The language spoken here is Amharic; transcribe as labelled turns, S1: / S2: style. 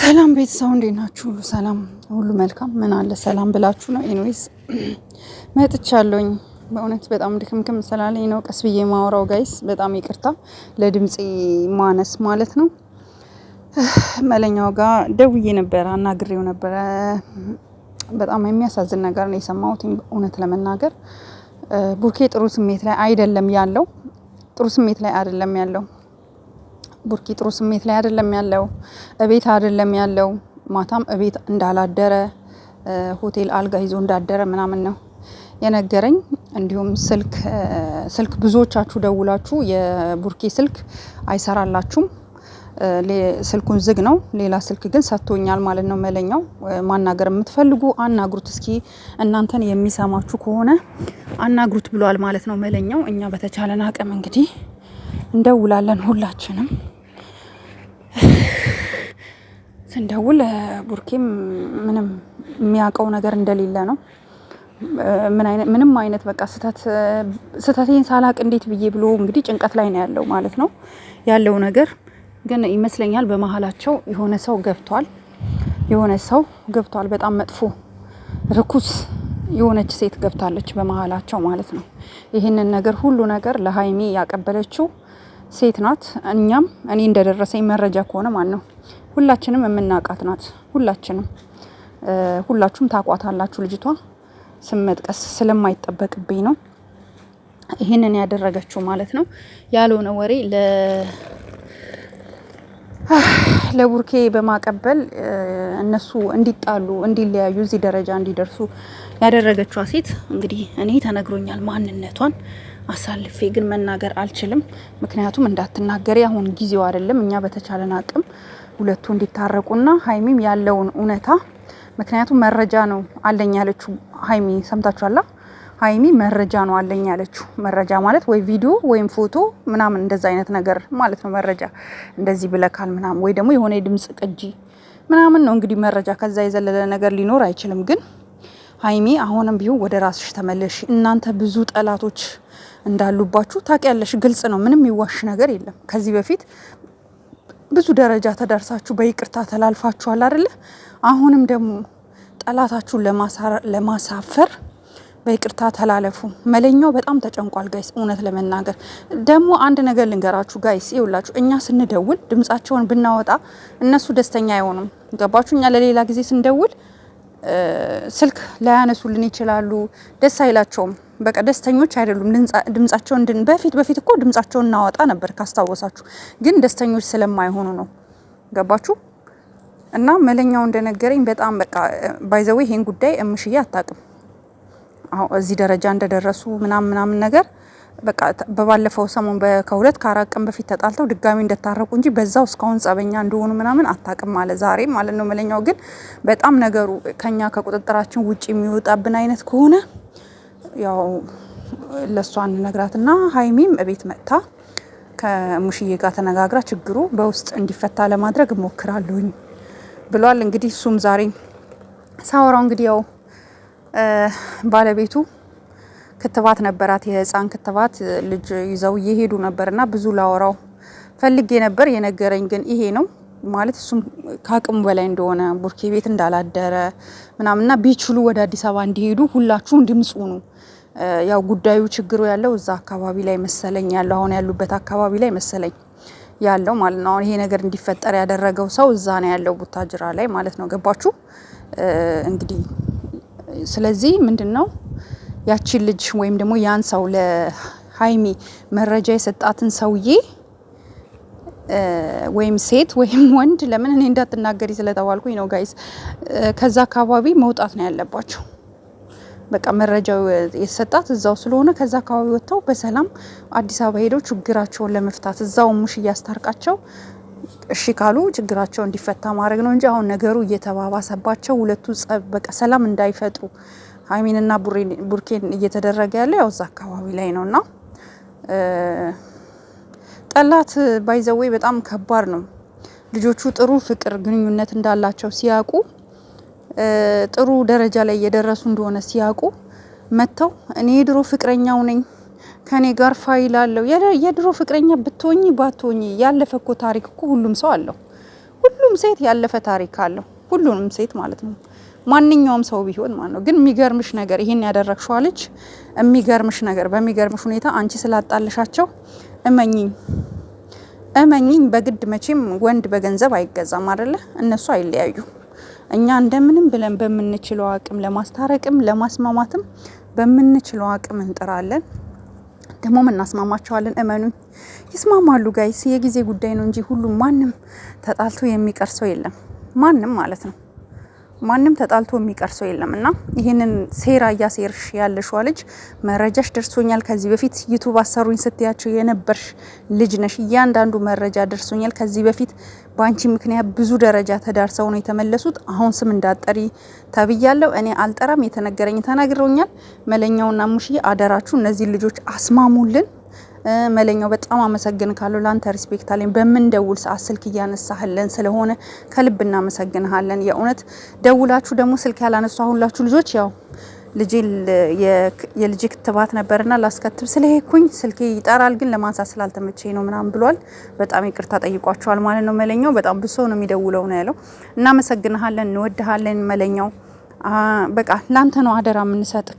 S1: ሰላም ቤተሰብ እንዴት ናችሁ? ሁሉ ሰላም፣ ሁሉ መልካም። ምን አለ ሰላም ብላችሁ ነው። ኤኒዌይስ መጥቻለሁኝ። በእውነት በጣም ድክምክም ስላለኝ ነው ቀስ ብዬ ማውራው። ጋይስ በጣም ይቅርታ ለድምፅ ማነስ ማለት ነው። መለኛው ጋር ደውዬ ነበረ፣ አናግሬው ነበረ። በጣም የሚያሳዝን ነገር ነው የሰማሁት። እውነት ለመናገር ቡርኬ ጥሩ ስሜት ላይ አይደለም ያለው፣ ጥሩ ስሜት ላይ አይደለም ያለው ቡርኪ ጥሩ ስሜት ላይ አይደለም ያለው፣ እቤት አይደለም ያለው። ማታም እቤት እንዳላደረ ሆቴል አልጋ ይዞ እንዳደረ ምናምን ነው የነገረኝ። እንዲሁም ስልክ ስልክ ብዙዎቻችሁ ደውላችሁ የቡርኪ ስልክ አይሰራላችሁም፣ ስልኩን ዝግ ነው። ሌላ ስልክ ግን ሰጥቶኛል ማለት ነው። መለኛው ማናገር የምትፈልጉ አናግሩት፣ እስኪ እናንተን የሚሰማችሁ ከሆነ አናግሩት ብሏል ማለት ነው መለኛው። እኛ በተቻለን አቅም እንግዲህ እንደውላለን ሁላችንም ስንደውል ቡርኬም ምንም የሚያውቀው ነገር እንደሌለ ነው። ምንም አይነት በቃ ስህተቴን ሳላቅ እንዴት ብዬ ብሎ እንግዲህ ጭንቀት ላይ ነው ያለው ማለት ነው ያለው ነገር ግን ይመስለኛል በመሀላቸው የሆነ ሰው ገብቷል። የሆነ ሰው ገብቷል። በጣም መጥፎ ርኩስ የሆነች ሴት ገብታለች በመሀላቸው ማለት ነው። ይህንን ነገር ሁሉ ነገር ለሀይሚ ያቀበለችው ሴት ናት። እኛም እኔ እንደደረሰኝ መረጃ ከሆነ ማለት ነው ሁላችንም የምናውቃት ናት። ሁላችንም ሁላችሁም ታቋታላችሁ። ልጅቷ ስም መጥቀስ ስለማይጠበቅብኝ ነው ይህንን ያደረገችው ማለት ነው። ያልሆነ ወሬ ለቡርኬ በማቀበል እነሱ እንዲጣሉ እንዲለያዩ እዚህ ደረጃ እንዲደርሱ ያደረገችዋ ሴት እንግዲህ እኔ ተነግሮኛል ማንነቷን አሳልፌ ግን መናገር አልችልም። ምክንያቱም እንዳትናገሪ አሁን ጊዜው አይደለም። እኛ በተቻለን አቅም ሁለቱ እንዲታረቁና ሀይሚም ያለውን እውነታ ምክንያቱም መረጃ ነው አለኝ ያለችው ሀይሚ ሰምታችኋላ። ሀይሚ መረጃ ነው አለኝ ያለችው። መረጃ ማለት ወይ ቪዲዮ ወይም ፎቶ ምናምን እንደዛ አይነት ነገር ማለት ነው። መረጃ እንደዚህ ብለካል ምናምን ወይ ደግሞ የሆነ የድምፅ ቅጂ ምናምን ነው እንግዲህ መረጃ። ከዛ የዘለለ ነገር ሊኖር አይችልም ግን ሀይሚ አሁንም ቢሆን ወደ ራስሽ ተመለሽ። እናንተ ብዙ ጠላቶች እንዳሉባችሁ ታውቂያለሽ። ግልጽ ነው፣ ምንም የሚዋሽ ነገር የለም። ከዚህ በፊት ብዙ ደረጃ ተደርሳችሁ በይቅርታ ተላልፋችኋል አይደለ? አሁንም ደግሞ ጠላታችሁን ለማሳፈር በይቅርታ ተላለፉ። መለኛው በጣም ተጨንቋል ጋይስ። እውነት ለመናገር ደግሞ አንድ ነገር ልንገራችሁ ጋይስ፣ ይውላችሁ እኛ ስንደውል ድምጻቸውን ብናወጣ እነሱ ደስተኛ አይሆኑም። ገባችሁ? እኛ ለሌላ ጊዜ ስንደውል ስልክ ላያነሱልን ይችላሉ። ደስ አይላቸውም። በቃ ደስተኞች አይደሉም። ድምጻቸውን በፊት በፊት እኮ ድምጻቸውን እናወጣ ነበር ካስታወሳችሁ፣ ግን ደስተኞች ስለማይሆኑ ነው። ገባችሁ? እና መለኛው እንደነገረኝ በጣም በቃ ባይዘዌ ይሄን ጉዳይ እምሽዬ አታውቅም። አሁን እዚህ ደረጃ እንደደረሱ ምናምን ምናምን ነገር በቃ በባለፈው ሰሞን ከሁለት ከአራት ቀን በፊት ተጣልተው ድጋሚ እንደታረቁ እንጂ በዛው እስካሁን ጸበኛ እንደሆኑ ምናምን አታቅም አለ ዛሬ ማለት ነው። መለኛው ግን በጣም ነገሩ ከኛ ከቁጥጥራችን ውጭ የሚወጣብን አይነት ከሆነ ያው ለእሷ አንነግራትና ሀይሚም እቤት መጥታ ከሙሽዬ ጋር ተነጋግራ ችግሩ በውስጥ እንዲፈታ ለማድረግ እሞክራለሁኝ ብሏል። እንግዲህ እሱም ዛሬ ሳወራው እንግዲህ ያው ባለቤቱ ክትባት ነበራት፣ የህፃን ክትባት ልጅ ይዘው እየሄዱ ነበርና ብዙ ላወራው ፈልጌ ነበር። የነገረኝ ግን ይሄ ነው ማለት እሱም ከአቅሙ በላይ እንደሆነ ቡርኬ ቤት እንዳላደረ ምናምንና ቢችሉ ወደ አዲስ አበባ እንዲሄዱ ሁላችሁም ድምፁ ነው። ያው ጉዳዩ ችግሩ ያለው እዛ አካባቢ ላይ መሰለኝ ያለው አሁን ያሉበት አካባቢ ላይ መሰለኝ ያለው ማለት ነው። አሁን ይሄ ነገር እንዲፈጠር ያደረገው ሰው እዛ ነው ያለው ቡታጅራ ላይ ማለት ነው። ገባችሁ እንግዲህ። ስለዚህ ምንድን ነው ያቺን ልጅ ወይም ደግሞ ያን ሰው ለሀይሚ መረጃ የሰጣትን ሰውዬ ወይም ሴት ወይም ወንድ ለምን እኔ እንዳትናገሪ ስለተባልኩኝ ነው ጋይስ። ከዛ አካባቢ መውጣት ነው ያለባቸው። በቃ መረጃው የተሰጣት እዛው ስለሆነ ከዛ አካባቢ ወጥተው በሰላም አዲስ አበባ ሄደው ችግራቸውን ለመፍታት እዛው ሙሽ እያስታርቃቸው እሺ ካሉ ችግራቸው እንዲፈታ ማድረግ ነው እንጂ አሁን ነገሩ እየተባባሰባቸው ሁለቱ ጸብ በቃ ሰላም እንዳይፈጥሩ ሀይሚንና ቡርኬን እየተደረገ ያለ ያው እዛ አካባቢ ላይ ነው እና ጠላት ባይዘዌ በጣም ከባድ ነው። ልጆቹ ጥሩ ፍቅር ግንኙነት እንዳላቸው ሲያውቁ ጥሩ ደረጃ ላይ እየደረሱ እንደሆነ ሲያውቁ መጥተው እኔ የድሮ ፍቅረኛው ነኝ ከኔ ጋር ፋይል አለው። የድሮ ፍቅረኛ ብትሆኚ ባትሆኚ ያለፈ እኮ ታሪክ እኮ ሁሉም ሰው አለው። ሁሉም ሴት ያለፈ ታሪክ አለው። ሁሉንም ሴት ማለት ነው። ማንኛውም ሰው ቢሆን ማለት ነው። ግን የሚገርምሽ ነገር ይሄን ያደረግሽዋ ልጅ የሚገርምሽ ነገር በሚገርምሽ ሁኔታ አንቺ ስላጣለሻቸው እመኝኝ እመኝኝ በግድ መቼም ወንድ በገንዘብ አይገዛም አይደለ? እነሱ አይለያዩ። እኛ እንደምንም ብለን በምንችለው አቅም ለማስታረቅም ለማስማማትም በምንችለው አቅም እንጥራለን። ደግሞ እናስማማቸዋለን። እመኑ፣ ይስማማሉ። ጋይስ የጊዜ ጉዳይ ነው እንጂ ሁሉም ማንም ተጣልቶ የሚቀር ሰው የለም። ማንም ማለት ነው። ማንም ተጣልቶ የሚቀር ሰው የለም እና ይህንን ሴራ እያሴርሽ ያለሽዋ ልጅ መረጃሽ ደርሶኛል። ከዚህ በፊት ዩቱብ አሰሩኝ ስትያቸው የነበርሽ ልጅ ነሽ። እያንዳንዱ መረጃ ደርሶኛል። ከዚህ በፊት በአንቺ ምክንያት ብዙ ደረጃ ተዳርሰው ነው የተመለሱት። አሁን ስም እንዳጠሪ ተብያለሁ። እኔ አልጠራም። የተነገረኝ ተናግረውኛል። መለኛውና ሙሽዬ አደራችሁ እነዚህ ልጆች አስማሙልን። መለኛው በጣም አመሰግን ካሉ ለአንተ ሪስፔክት አለኝ። በምንደውል ሰዓት ስልክ እያነሳህልን ስለሆነ ከልብ እናመሰግንሃለን። የእውነት ደውላችሁ ደግሞ ስልክ ያላነሱ አሁንላችሁ ልጆች ያው ልጄ የልጅ ክትባት ነበርና ላስከትብ ስለሄኩኝ ስልኬ ይጠራል፣ ግን ለማንሳት ስላልተመቸኝ ነው ምናምን ብሏል። በጣም ይቅርታ ጠይቋቸዋል ማለት ነው። መለኛው በጣም ብሶ ነው የሚደውለው ነው ያለው። እናመሰግንሃለን፣ እንወድሃለን መለኛው። በቃ ላንተ ነው አደራ የምንሰጥ